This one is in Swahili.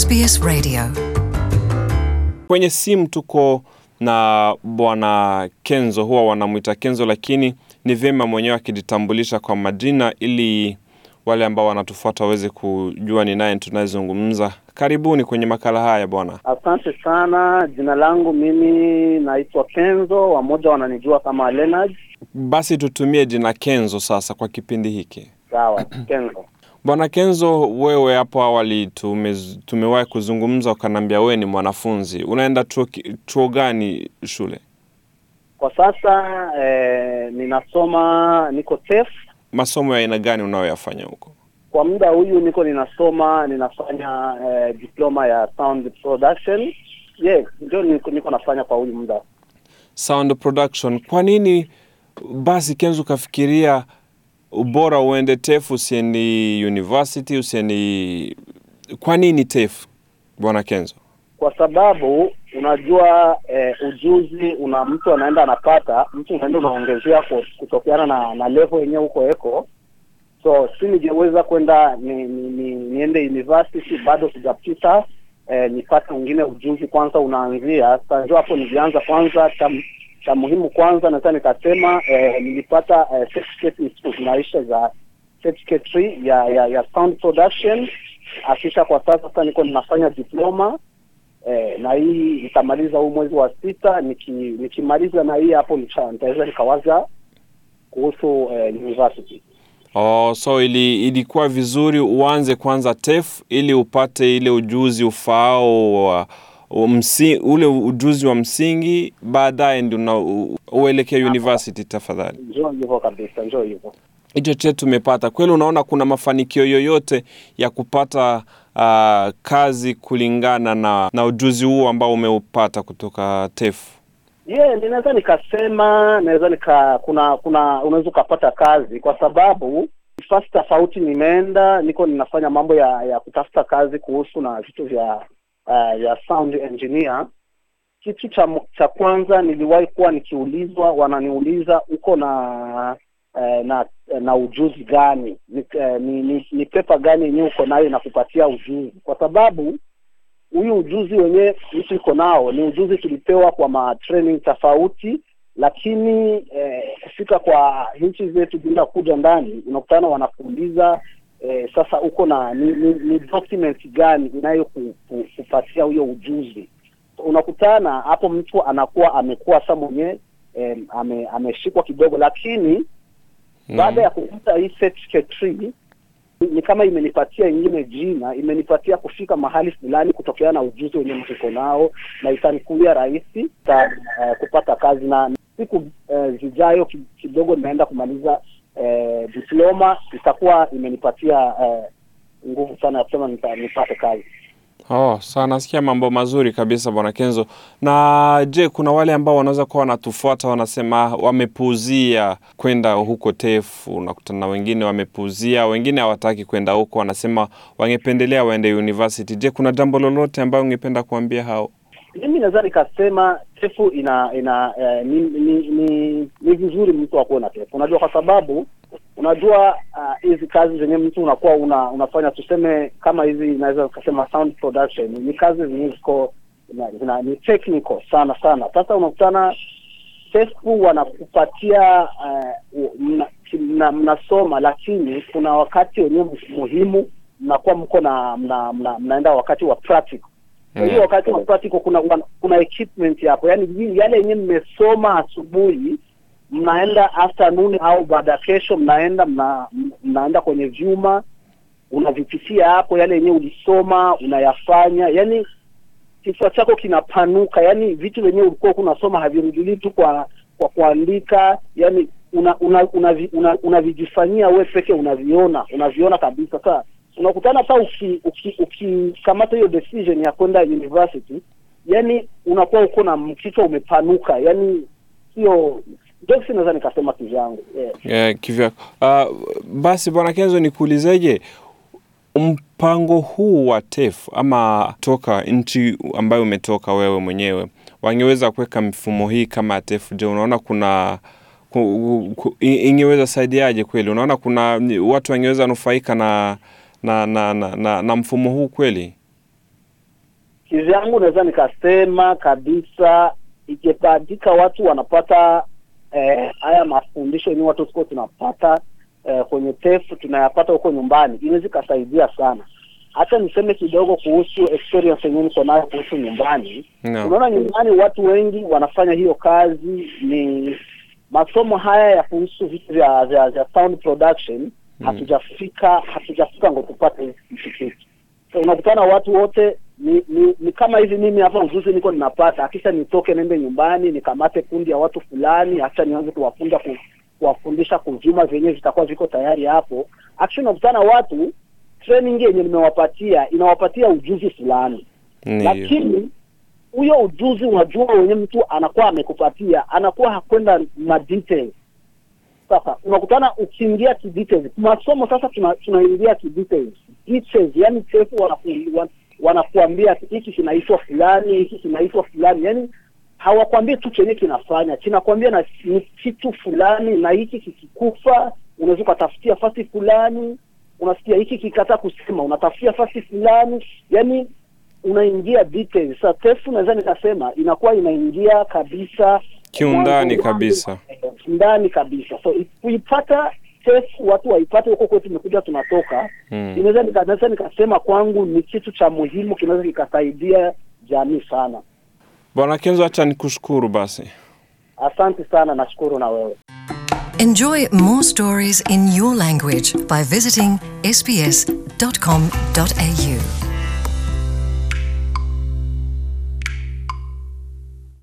SBS Radio. Kwenye simu tuko na bwana Kenzo, huwa wanamwita Kenzo, lakini ni vyema mwenyewe akijitambulisha kwa majina ili wale ambao wanatufuata waweze kujua ni naye tunayezungumza. Karibuni kwenye makala haya bwana. Asante sana. Jina langu mimi naitwa Kenzo, wamoja wananijua kama Leonard. Basi tutumie jina Kenzo sasa kwa kipindi hiki. Sawa, Kenzo. Bwana Kenzo, wewe hapo awali tumewahi kuzungumza, ukaniambia wewe ni mwanafunzi, unaenda chuo, chuo gani shule kwa sasa? Eh, ninasoma niko TEF. Masomo ya aina gani unayoyafanya huko kwa muda huyu? Niko ninasoma ninafanya eh, diploma ya sound production. Yeah, ndio niko, niko nafanya kwa huyu muda sound production. Kwa nini basi Kenzo ukafikiria ubora uende TEF usieni university usieni. Kwa nini TEF, Bwana Kenzo? Kwa sababu unajua eh, ujuzi una mtu anaenda anapata, mtu unaenda unaongezea kutokeana na na level yenyewe huko eko. So si ningeweza kwenda ni, ni, ni, niende university, bado sijapita eh, nipate wengine ujuzi kwanza unaanzia sasa, hapo nilianza kwanza tam, cha muhimu kwanza naweza nikasema eh, nilipata eh, certificate maisha za certificate ya, ya ya sound production akisha kwa sasa sasa niko ninafanya diploma eh, na hii nitamaliza huu mwezi wa sita. Nikimaliza niki na hii hapo nitaweza nikawaza kuhusu eh, university. Oh, so ili, ilikuwa vizuri uanze kwanza TEF ili upate ile ujuzi ufaao wa uh ule ujuzi wa msingi baadaye ndio na uelekea university. Tafadhali njoo hivyo kabisa, njoo hivyo hicho chetu tumepata kweli. Unaona kuna mafanikio yoyote ya kupata uh, kazi kulingana na, na ujuzi huo ambao umeupata kutoka TEF? Yeah, ninaweza nikasema naweza nika kuna kuna unaweza ukapata kazi kwa sababu fasi tofauti nimeenda, niko ninafanya mambo ya ya kutafuta kazi kuhusu na vitu vya uh, ya sound engineer, kitu cha, cha kwanza niliwahi kuwa nikiulizwa, wananiuliza uko na uh, na na ujuzi gani ni, uh, ni, ni, ni pepa gani yenyewe uko nayo inakupatia ujuzi, kwa sababu huyu ujuzi wenyewe mtu iko nao ni ujuzi tulipewa kwa ma training tofauti lakini eh, kufika kwa nchi zetu bila kuja ndani unakutana wanakuuliza eh, sasa uko na ni, ni, ni document gani inayokupatia huyo ujuzi? Unakutana hapo mtu anakuwa amekuwa sa mwenyewe eh, ame, ameshikwa kidogo, lakini mm. baada ya kukuta hii certificate ni kama imenipatia ingine jina, imenipatia kufika mahali fulani kutokana na ujuzi wenye mtuko nao, na itanikuya rahisi ta, uh, kupata kazi na siku uh, zijayo kidogo, inaenda kumaliza eh, diploma itakuwa imenipatia eh, nguvu sana ya kusema nipate kazi. Oh, sana nasikia mambo mazuri kabisa Bwana Kenzo. Na je, kuna wale ambao wanaweza kuwa wanatufuata wanasema wamepuuzia kwenda huko tefu? Nakutana na wengine wamepuuzia, wengine hawataki kwenda huko, wanasema wangependelea waende university. Je, kuna jambo lolote ambayo ungependa kuambia hao? mimi naweza nikasema tefu ina ina eh, ni, ni, ni, ni vizuri mtu akuwe na tefu, unajua kwa sababu unajua ah, hizi uh, kazi zenye mtu unakuwa una, unafanya tuseme kama hizi inaweza kusema sound production ni kazi zenye ziko ni technical sana sana. Sasa unakutana tefu wanakupatia uh, eh, mna, mna, mnasoma, lakini kuna wakati wenyewe muhimu mnakuwa mko na mna, mna, mnaenda wakati wa practical kwa hiyo wakati wa practical kuna, kuna equipment hapo, yaani yale yenyewe mmesoma asubuhi mnaenda afternoon au baada kesho mnaenda mna, mnaenda kwenye vyuma unavipitia hapo, yale yenyewe ulisoma unayafanya, yani kifua chako kinapanuka, yani vitu vyenyewe ulikuwa unasoma havirudilii tu kwa kwa kuandika, yani unavijifanyia una, una, una, una, una wewe peke unaviona unaviona kabisa. Sasa unakutana hata ukikamata uki, uki, hiyo decision ya kwenda university, yani unakuwa uko na mkichwa umepanuka, yani hiyo Jokes naweza nikasema kivyangu yeah. Yeah, Uh, basi Bwana Kenzo nikuulizeje mpango huu wa TEF ama toka nchi ambayo umetoka wewe mwenyewe wangeweza kuweka mifumo hii kama TEF? Je, unaona kuna ku, ku, ingeweza saidiaje kweli? Unaona kuna watu wangeweza nufaika na na na, na, na, na mfumo huu kweli? Kivyangu naweza nikasema kabisa ikipadika watu wanapata eh, haya mafundisho ni watu siko tunapata eh, kwenye tefu tunayapata huko nyumbani, inaweza ikasaidia sana. Hata niseme kidogo kuhusu experience yenyewe niko nayo kuhusu nyumbani no. Unaona, nyumbani watu wengi wanafanya hiyo kazi, ni masomo haya ya kuhusu vitu vya, vya, vya sound production Mm. hatujafika hatujafika ngo tupate hizi So unakutana watu wote ni, ni, ni kama hivi mimi hapa ujuzi niko ninapata, akisha nitoke nende nyumbani nikamate kundi ya watu fulani, hacha nianze kuwafunza ku, kuwafundisha kuvyuma vyenyewe vitakuwa viko tayari hapo. akisha unakutana watu training yenye nimewapatia inawapatia ujuzi fulani, lakini huyo ujuzi, unajua wenye mtu anakuwa amekupatia anakuwa hakwenda ma details sasa unakutana ukiingia to masomo sasa, tunaingia tuna details, yani chefu wanaku, wanakuambia hiki kinaitwa fulani, hiki kinaitwa fulani, yani hawakwambii tu chenye kinafanya, kinakwambia na kitu fulani, na hiki kikikufa unaweza ukatafutia fasi fulani, unasikia hiki kikataa kusema unatafutia fasi fulani, yani unaingia details. Sasa tefu naweza nikasema inakuwa inaingia kabisa kiundani kabisa, kiundani kabisa. So kuipata watu waipate huko kwetu, tumekuja tunatoka, hmm. inaweza nikasema kwangu ni kitu cha muhimu, kinaweza kikasaidia jamii sana. Bwana Kenzo, acha nikushukuru basi. Asante sana, nashukuru na wewe. Enjoy more stories in your language by visiting sbs.com.au.